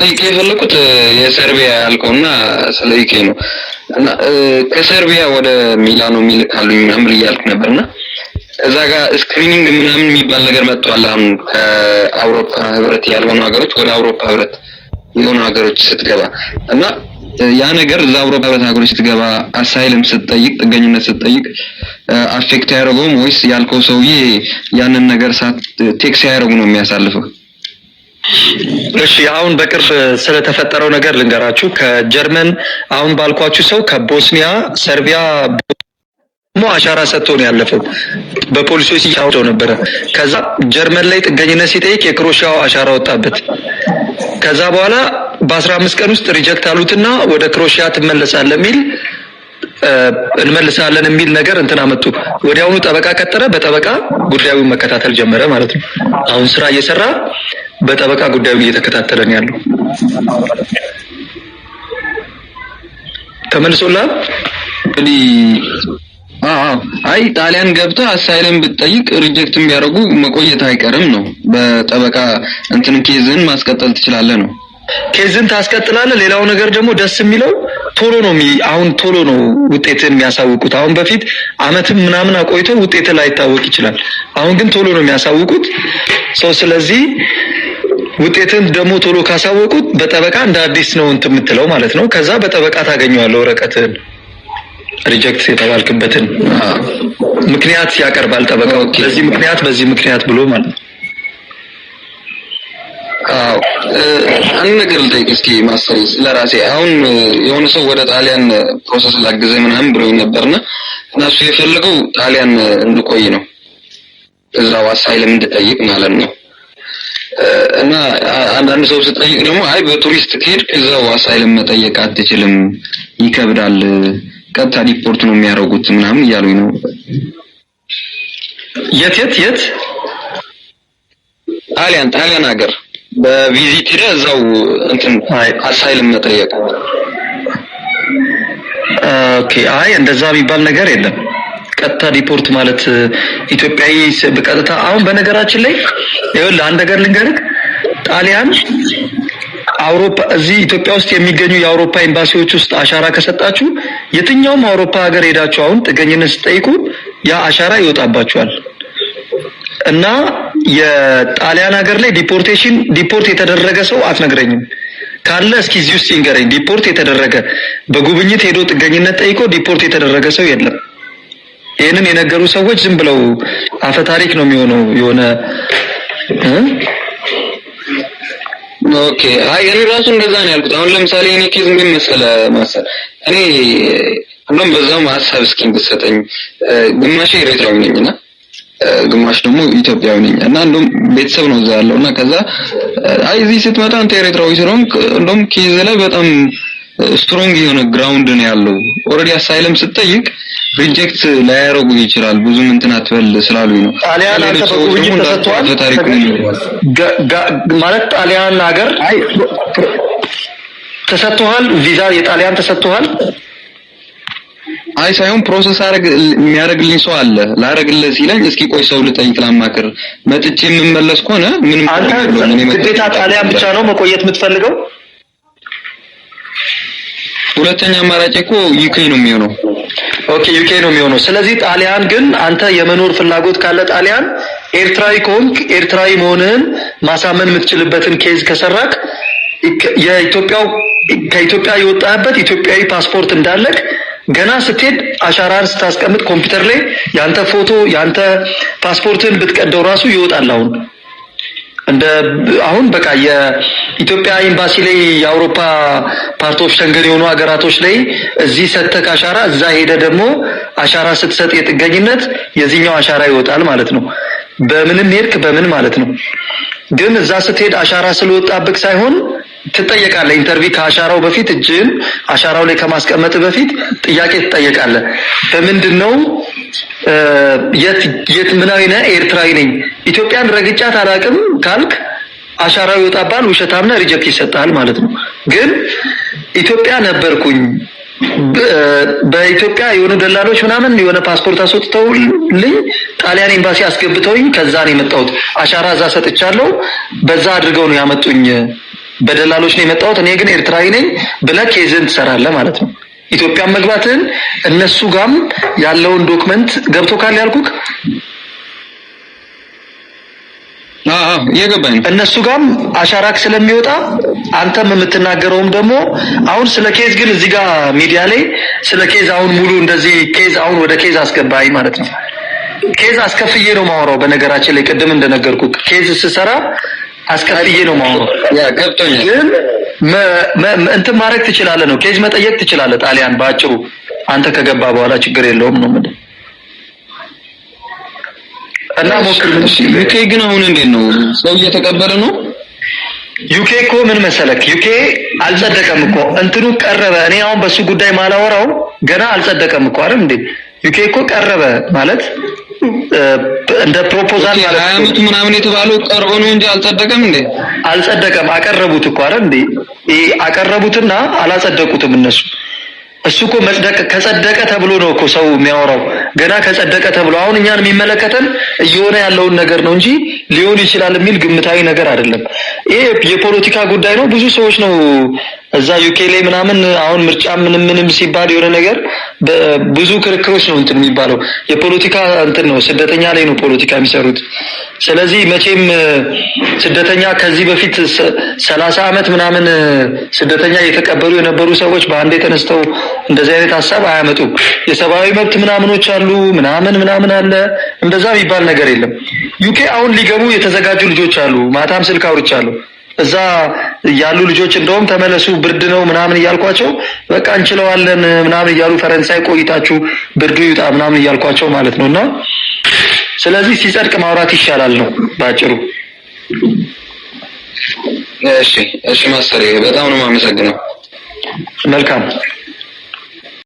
ልጠይቅ የፈለኩት የሰርቢያ ያልከው እና ስለ ኢኬ ነው እና ከሰርቢያ ወደ ሚላኖ የሚልካሉኝ ምናምን እያልክ ነበር እና እዛ ጋር ስክሪኒንግ ምናምን የሚባል ነገር መጥቷል። አሁን ከአውሮፓ ህብረት ያልሆኑ ሀገሮች ወደ አውሮፓ ህብረት የሆኑ ሀገሮች ስትገባ እና ያ ነገር እዛ አውሮፓ ህብረት ሀገሮች ስትገባ አሳይልም ስትጠይቅ፣ ጥገኝነት ስትጠይቅ አፌክት አያደርገውም ወይስ ያልከው ሰውዬ ያንን ነገር ሳት ቴክስ አያደርጉ ነው የሚያሳልፈው? እሺ አሁን በቅርብ ስለተፈጠረው ነገር ልንገራችሁ። ከጀርመን አሁን ባልኳችሁ ሰው ከቦስኒያ ሰርቢያ ሞ አሻራ ሰጥቶ ነው ያለፈው። በፖሊሶች ሲያወደው ነበረ። ከዛ ጀርመን ላይ ጥገኝነት ሲጠይቅ የክሮሻው አሻራ ወጣበት። ከዛ በኋላ በአስራ አምስት ቀን ውስጥ ሪጀክት አሉትና ወደ ክሮሺያ ትመለሳለህ የሚል እንመልሳለን የሚል ነገር እንትን አመጡ። ወዲያውኑ ጠበቃ ቀጠረ። በጠበቃ ጉዳዩን መከታተል ጀመረ ማለት ነው። አሁን ስራ እየሰራ በጠበቃ ጉዳዩን እየተከታተለን ያለው ተመልሶላ አይ ጣሊያን ገብተ አሳይለም ብትጠይቅ ሪጀክት የሚያደርጉ መቆየት አይቀርም ነው። በጠበቃ እንትን ኬዝን ማስቀጠል ትችላለ ነው። ኬዝን ታስቀጥላለ። ሌላው ነገር ደግሞ ደስ የሚለው ቶሎ ነው አሁን ቶሎ ነው ውጤትን የሚያሳውቁት። አሁን በፊት አመትም ምናምን አቆይቶ ውጤት ላይታወቅ ይችላል። አሁን ግን ቶሎ ነው የሚያሳውቁት ሰው ስለዚህ ውጤትን ደግሞ ቶሎ ካሳወቁት በጠበቃ እንደ አዲስ ነው እንትን የምትለው ማለት ነው። ከዛ በጠበቃ ታገኘዋለህ ወረቀትን ሪጀክት የተባልክበትን ምክንያት ያቀርባል ጠበቃ በዚህ ምክንያት በዚህ ምክንያት ብሎ ማለት ነው። አዎ አንድ ነገር ልጠይቅ እስኪ ማስተር፣ ለራሴ አሁን የሆነ ሰው ወደ ጣሊያን ፕሮሰስ ላግዘ ምናምን ብሎ ነበርና እና እሱ የፈለገው ጣሊያን እንድቆይ ነው እዛው አሳይለም እንድጠይቅ ማለት ነው። እና አንዳንድ ሰው ስጠይቅ ደግሞ አይ በቱሪስት ከሄድክ እዛው አሳይልም መጠየቅ አትችልም፣ ይከብዳል፣ ቀጥታ ዲፖርት ነው የሚያደርጉት ምናምን እያሉኝ ነው። የት የት የት? ጣሊያን ጣሊያን ሀገር በቪዚት ሄደህ እዛው እንትን አሳይልም መጠየቅ። ኦኬ። አይ እንደዛ የሚባል ነገር የለም። ቀጥታ ሪፖርት ማለት ኢትዮጵያዊ በቀጥታ አሁን በነገራችን ላይ ይኸውልህ አንድ ነገር ልንገርህ፣ ጣሊያን አውሮፓ እዚህ ኢትዮጵያ ውስጥ የሚገኙ የአውሮፓ ኤምባሲዎች ውስጥ አሻራ ከሰጣችሁ የትኛውም አውሮፓ ሀገር ሄዳችሁ አሁን ጥገኝነት ስጠይቁ ያ አሻራ ይወጣባችኋል። እና የጣሊያን ሀገር ላይ ዲፖርቴሽን ዲፖርት የተደረገ ሰው አትነግረኝም። ካለ እስኪ እዚህ ውስጥ ይንገረኝ። ዲፖርት የተደረገ በጉብኝት ሄዶ ጥገኝነት ጠይቆ ዲፖርት የተደረገ ሰው የለም። ይህንን የነገሩ ሰዎች ዝም ብለው አፈ ታሪክ ነው የሚሆነው። የሆነ ኦኬ። አይ እኔ ራሱ እንደዛ ነው ያልኩት። አሁን ለምሳሌ እኔ ኬዝ ምን መሰለ ማሰል እኔ ሁሉም በዛም ሀሳብ እስኪ እንድትሰጠኝ ግማሽ ኤርትራዊ እና ግማሽ ደግሞ ኢትዮጵያዊ ነኝ እና እንደውም ቤተሰብ ነው እዛ ያለው እና ከዛ አይ እዚህ ስትመጣ አንተ ኤርትራዊ ስለሆንክ እንደውም ኬዝ ላይ በጣም ስትሮንግ የሆነ ግራውንድ ነው ያለው ኦልሬዲ አሳይለም ስትጠይቅ ሪጀክት ላያረጉ ይችላል። ብዙም እንትን አትበል ስላሉኝ ነው። ጣሊያን አንተበቁ ብጅ ተሰጥቷል ማለት ጣሊያን ሀገር ተሰጥቷል። ቪዛ የጣሊያን ተሰጥቷል። አይ ሳይሆን ፕሮሰስ አረግ የሚያደርግልኝ ሰው አለ። ላረግልህ ሲለኝ እስኪ ቆይ ሰው ልጠይቅ ላማክር፣ መጥቼ የምመለስ ከሆነ ምንም ግዴታ ጣሊያን ብቻ ነው መቆየት የምትፈልገው። ሁለተኛ አማራጭ እኮ ዩኬ ነው የሚሆነው ኦኬ ዩኬ ነው የሚሆነው። ስለዚህ ጣሊያን ግን አንተ የመኖር ፍላጎት ካለ ጣሊያን ኤርትራዊ ከሆንክ ኤርትራዊ መሆንህን ማሳመን የምትችልበትን ኬዝ ከሰራክ የኢትዮጵያው ከኢትዮጵያ የወጣህበት ኢትዮጵያዊ ፓስፖርት እንዳለክ ገና ስትሄድ አሻራን ስታስቀምጥ ኮምፒውተር ላይ ያንተ ፎቶ ያንተ ፓስፖርትን ብትቀደው ራሱ ይወጣል አሁን እንደ አሁን በቃ የኢትዮጵያ ኤምባሲ ላይ የአውሮፓ ፓርቶች ሸንገር የሆኑ ሀገራቶች ላይ እዚህ ሰተክ አሻራ እዛ ሄደ ደግሞ አሻራ ስትሰጥ የጥገኝነት የዚህኛው አሻራ ይወጣል ማለት ነው። በምንም ሄድክ በምን ማለት ነው። ግን እዛ ስትሄድ አሻራ ስለወጣብቅ ሳይሆን ትጠየቃለ ኢንተርቪው ከአሻራው በፊት እጅን አሻራው ላይ ከማስቀመጥ በፊት ጥያቄ ትጠየቃለ በምንድን ነው የት ምናዊ ነህ? ኤርትራዊ ነኝ። ኢትዮጵያን ረግጫት አላውቅም ካልክ አሻራው ይወጣባል፣ ውሸታም ነህ፣ ሪጀክት ይሰጣል ማለት ነው። ግን ኢትዮጵያ ነበርኩኝ በኢትዮጵያ የሆኑ ደላሎች ምናምን የሆነ ፓስፖርት አስወጥተውልኝ ጣሊያን ኤምባሲ አስገብተውኝ ከዛ ነው የመጣሁት። አሻራ እዛ ሰጥቻለሁ። በዛ አድርገው ነው ያመጡኝ። በደላሎች ነው የመጣሁት። እኔ ግን ኤርትራዊ ነኝ ብለህ ኬዝን ትሰራለህ ማለት ነው። ኢትዮጵያን መግባትን እነሱ ጋም ያለውን ዶክመንት ገብቶ ካለ ያልኩክ የገባኝ እነሱ ጋም አሻራክ ስለሚወጣ አንተም የምትናገረውም ደግሞ አሁን ስለ ኬዝ ግን እዚህ ጋር ሚዲያ ላይ ስለ ኬዝ አሁን ሙሉ እንደዚህ ኬዝ አሁን ወደ ኬዝ አስገባኝ ማለት ነው። ኬዝ አስከፍዬ ነው ማውራው። በነገራችን ላይ ቅድም እንደነገርኩ ኬዝ ስሰራ አስከፍዬ ነው ማውራው። ያ ገብቶኛል ግን እንትን ማድረግ ትችላለህ ነው። ኬዝ መጠየቅ ትችላለህ። ጣሊያን በአጭሩ አንተ ከገባ በኋላ ችግር የለውም ነው የምልህ። እና ሞክር። ዩኬ ግን አሁን እንዴት ነው ሰው እየተቀበረ ነው? ዩኬ እኮ ምን መሰለክ፣ ዩኬ አልጸደቀም እኮ እንትኑ ቀረበ። እኔ አሁን በሱ ጉዳይ ማላወራው ገና አልጸደቀም እኮ አይደል እንዴ? ዩኬ እኮ ቀረበ ማለት እንደ ፕሮፖዛል ማለት ምናምን የተባሉ ቀርቦ ነው እንጂ አልጸደቀም እንዴ? አልጸደቀም። አቀረቡት እኮ አረ እንዴ? ይሄ አቀረቡትና አላጸደቁትም እነሱ። እሱ እኮ መጽደቅ ከጸደቀ ተብሎ ነው እኮ ሰው የሚያወራው። ገና ከጸደቀ ተብሎ አሁን እኛን የሚመለከተን እየሆነ ያለውን ነገር ነው እንጂ ሊሆን ይችላል የሚል ግምታዊ ነገር አይደለም። ይሄ የፖለቲካ ጉዳይ ነው። ብዙ ሰዎች ነው እዛ ዩኬ ላይ ምናምን አሁን ምርጫ ምንም ምንም ሲባል የሆነ ነገር ብዙ ክርክሮች ነው እንትን የሚባለው የፖለቲካ እንትን ነው። ስደተኛ ላይ ነው ፖለቲካ የሚሰሩት። ስለዚህ መቼም ስደተኛ ከዚህ በፊት ሰላሳ ዓመት ምናምን ስደተኛ እየተቀበሉ የነበሩ ሰዎች በአንዴ ተነስተው እንደዚህ አይነት ሀሳብ አያመጡም። የሰብአዊ መብት ምናምኖች አሉ ምናምን ምናምን አለ እንደዛ የሚባል ነገር የለም። ዩኬ አሁን ሊገቡ የተዘጋጁ ልጆች አሉ። ማታም ስልክ አውርቻለሁ። እዛ ያሉ ልጆች እንደውም ተመለሱ ብርድ ነው ምናምን እያልኳቸው በቃ እንችለዋለን ምናምን እያሉ ፈረንሳይ ቆይታችሁ ብርዱ ይውጣ ምናምን እያልኳቸው ማለት ነው። እና ስለዚህ ሲጸድቅ ማውራት ይሻላል ነው በአጭሩ። እሺ እሺ፣ ማሰሪ በጣም ነው የማመሰግነው። መልካም